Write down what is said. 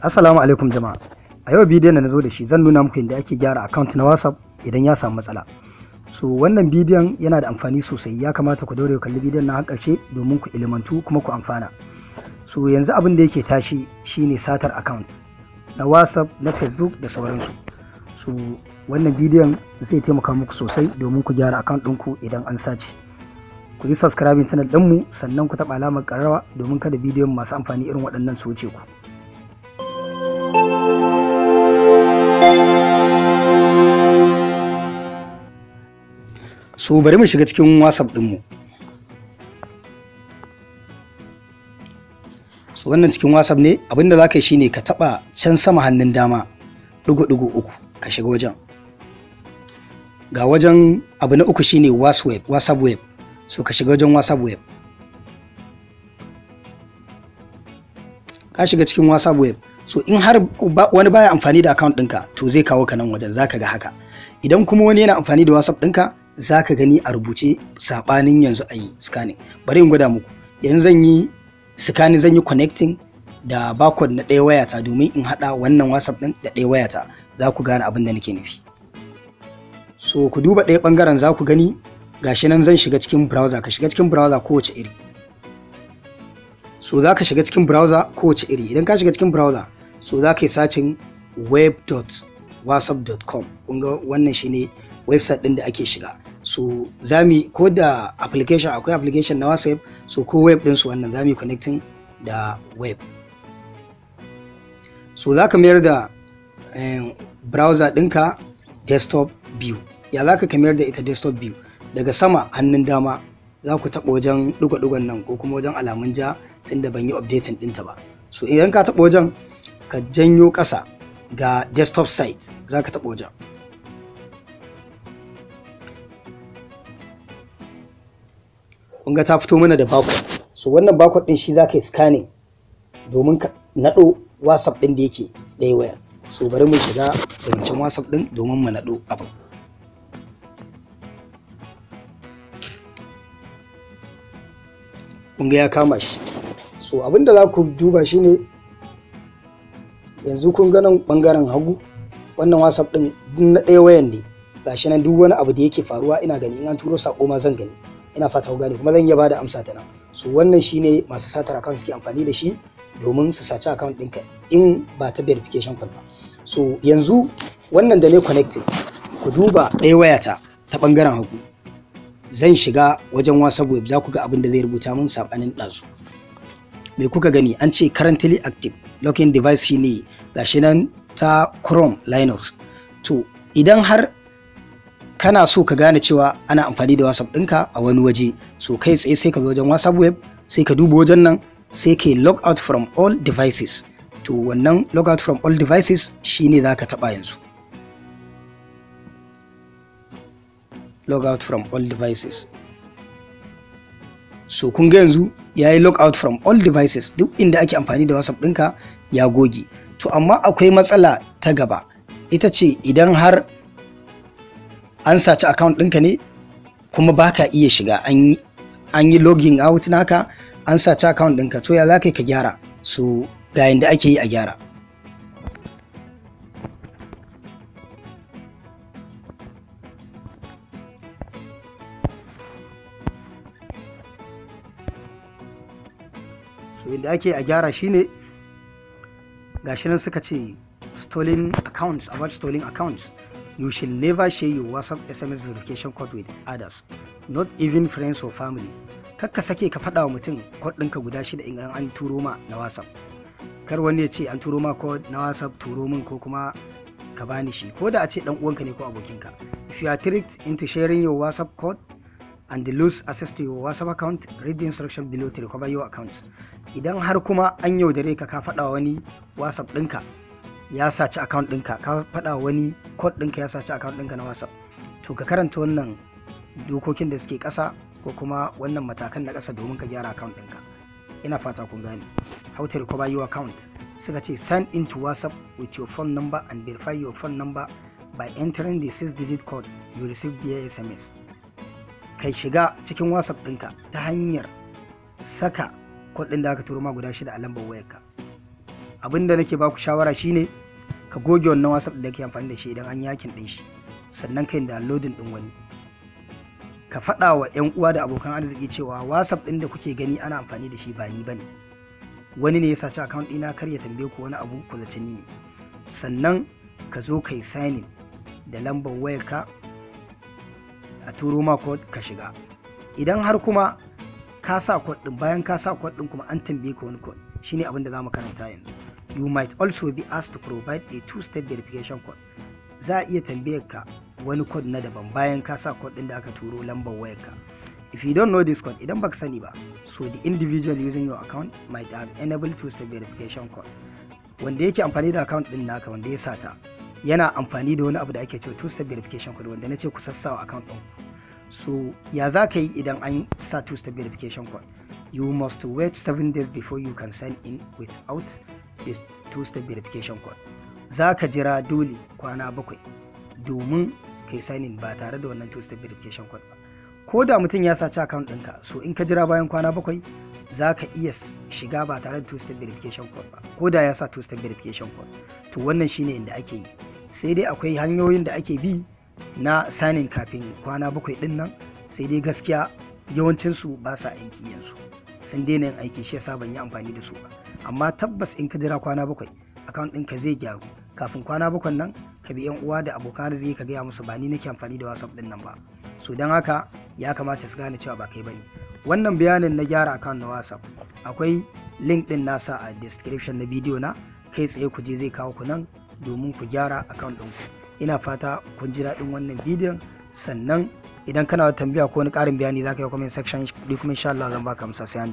Assalamu alaikum jama'a. A yau bidiyon da na zo da shi zan nuna muku yadda ake gyara account na WhatsApp idan ya samu matsala. So wannan bidiyon yana da amfani sosai ya kamata ku daure ku kalli bidiyon na ƙarshe domin ku ilimantu kuma ku amfana. So yanzu abin da yake tashi shine satar account na WhatsApp na Facebook da sauransu. So wannan bidiyon zai taimaka muku sosai domin ku gyara account ɗinku idan an sace. Ku yi subscribing channel ɗinmu sannan ku taɓa alamar ƙararrawa domin kada bidiyon masu amfani irin waɗannan su wuce ku. so bari mu shiga cikin whatsapp mu. so wannan cikin whatsapp ne abinda za ka yi shine ka taɓa can sama hannun dama ɗigo-ɗigo uku ka shiga wajen ga wajen abu na uku shine whatsapp whatsapp web so ka shiga wajen whatsapp web ka shiga cikin whatsapp web so in har wani baya amfani da account ɗinka to zai kawo ka nan wajen zaka ga haka idan kuma wani yana amfani da whatsapp ɗinka za ka gani a rubuce saɓanin yanzu a yi scanning bari in gwada muku yanzu zan yi scanning zan yi connecting da barcode na ɗaya wayata domin in haɗa wannan whatsapp ɗin da ɗaya wayata za ku gane abin da nake nufi so ku duba ɗaya ɓangaren za ku gani gashi nan zan shiga cikin browser ka shiga cikin browser kowace iri so za ka shiga cikin browser kowace iri idan ka shiga cikin browser so za ka yi sacin web.whatsapp.com kun ga wannan shine website ɗin da ake shiga so zami ko da application akwai application na whatsapp so ko web ɗinsu wannan zami connecting da web so za ka mayar da um, browser ɗinka desktop view ya za ka mayar da ita desktop view daga sama hannun dama za ku taɓa wajen ɗuga-ɗugan nan ko kuma wajen alamun ja tunda ban yi updating ɗinta ba so idan ka taɓa wajen ka janyo ƙasa ga desktop site za ka taɓa wajen kun ga ta fito mana da bakon so wannan bakon din shi zaka yi scanning domin ka nado whatsapp din da yake ɗaya wayar so bari mu shiga wancan whatsapp din domin mu nado abu kun ga ya kama shi so abinda za ku duba shine yanzu kun ga nan bangaren hagu wannan whatsapp din na ɗaya wayan ne gashi nan duk wani abu da yake faruwa ina gani in an turo sako ma zan gani ina fata ku gane kuma zan iya bada amsa ta nan so wannan shine masu satar account suke amfani da shi domin su saci account ɗinka in ba ta verification code ba so yanzu wannan da ne connecting ku duba ɗaya wayata ta ɓangaren hagu zan shiga wajen whatsapp web za ku ga abin da zai rubuta mun saɓanin ɗazu me kuka gani an ce currently active locking device shine gashi nan ta chrome linux to idan har kana so ka gane cewa ana amfani da WhatsApp ɗinka a wani waje so kai tsaye sai ka zo wajen WhatsApp web sai ka duba wajen nan sai ka log out from all devices to wannan log out from all devices shine za ka taɓa yanzu log out from all devices so kun ga yanzu ya yi log out from all devices duk inda ake amfani da whatsapp ɗinka ya goge to amma akwai matsala ta gaba ita ce idan har an saci account ɗinka ne kuma baka iya shiga an yi login out naka an saci account ɗinka to ya za ka ka gyara su ga yadda ake yi a gyara yadda ake a gyara shine gashi nan suka ce stolen accounts about stolen accounts You should never share your WhatsApp SMS verification code with others, not even friends or family. Kar ka sake ka faɗa wa mutum code ɗinka guda shida in an turo ma na WhatsApp. Kar wani ya ce an turo ma code na WhatsApp turo min ko kuma ka bani shi ko da a ce ɗan uwanka ne ko abokinka. If you are tricked into sharing your WhatsApp code and lose access to your WhatsApp account, read the instruction below to recover your account. Idan har kuma an yaudare ka ka faɗa wani WhatsApp ɗinka ya saci account ɗinka ka faɗa wani code ɗinka ya saci account ɗinka na whatsapp to ka karanta wannan dokokin da suke ƙasa ko kuma wannan matakan na ƙasa domin ka gyara account ɗinka ina fata kun gane how to recover your account suka ce sign into whatsapp with your phone number and verify your phone number by entering the six digit code you receive via sms kai shiga cikin whatsapp ɗinka ta hanyar saka kod ɗin da aka turo ma guda shida a lambar wayarka abin da nake baku shawara shine ka goge wannan whatsapp da kake amfani da shi idan an yakin din shi sannan kai da loading din wani ka faɗa wa 'yan uwa da abokan arziki cewa whatsapp din da kuke gani ana amfani da shi ba ni bane wani ne ya saci account ɗina kar ya tambaye ku wani abu ku zaci ni ne sannan ka zo ka yi signing da lambar wayarka a turo ma code ka shiga idan har kuma ka sa code din bayan ka sa code din kuma an tambaye ka wani code shine abin da zamu karanta yanzu You might also be asked to provide a two-step verification code. Za a iya tambayar ka wani code na daban bayan ka sa code ɗin da aka turo lambar ka If you don't know this code, idan baka sani ba, so the individual using your account might have enabled two-step verification code. Wanda yake amfani da account din naka wanda ya sata, yana amfani da wani abu da ake cewa two-step verification code wanda na ce ku sassawa account din So ya za ka yi idan an sa two-step verification code? You must wait seven days before you can sign in without two-step verification code za ka jira dole kwana bakwai domin ka yi signing ba tare da wannan two-step verification code ba ko da mutum ya saci account ɗinka so in ka jira bayan kwana bakwai za ka iya shiga ba tare da two-step verification code ba ko da ya sa two-step verification code to wannan shine inda ake yi sai dai akwai hanyoyin da ake bi na sanin kafin kwana bakwai ɗin nan sai dai gaskiya yawancinsu ba sa aiki yanzu sun daina yin aiki shi yasa ban yi amfani da su ba amma tabbas in ka jira kwana bakwai account ɗinka zai gyaru kafin kwana bakwai nan ka bi 'yan uwa da abokan arziki ka gaya musu ba ni nake amfani da whatsapp ɗin nan ba so don haka ya kamata su gane cewa ba kai bane wannan bayanin na gyara account na whatsapp akwai link ɗin nasa a description na bidiyo na kai tsaye ku je zai kawo ku nan domin ku gyara account ɗinku ina fata kun ji daɗin wannan bidiyon sannan idan kana da tambaya ko wani ƙarin bayani za ka yi comment section kuma insha Allah zan baka amsa sai an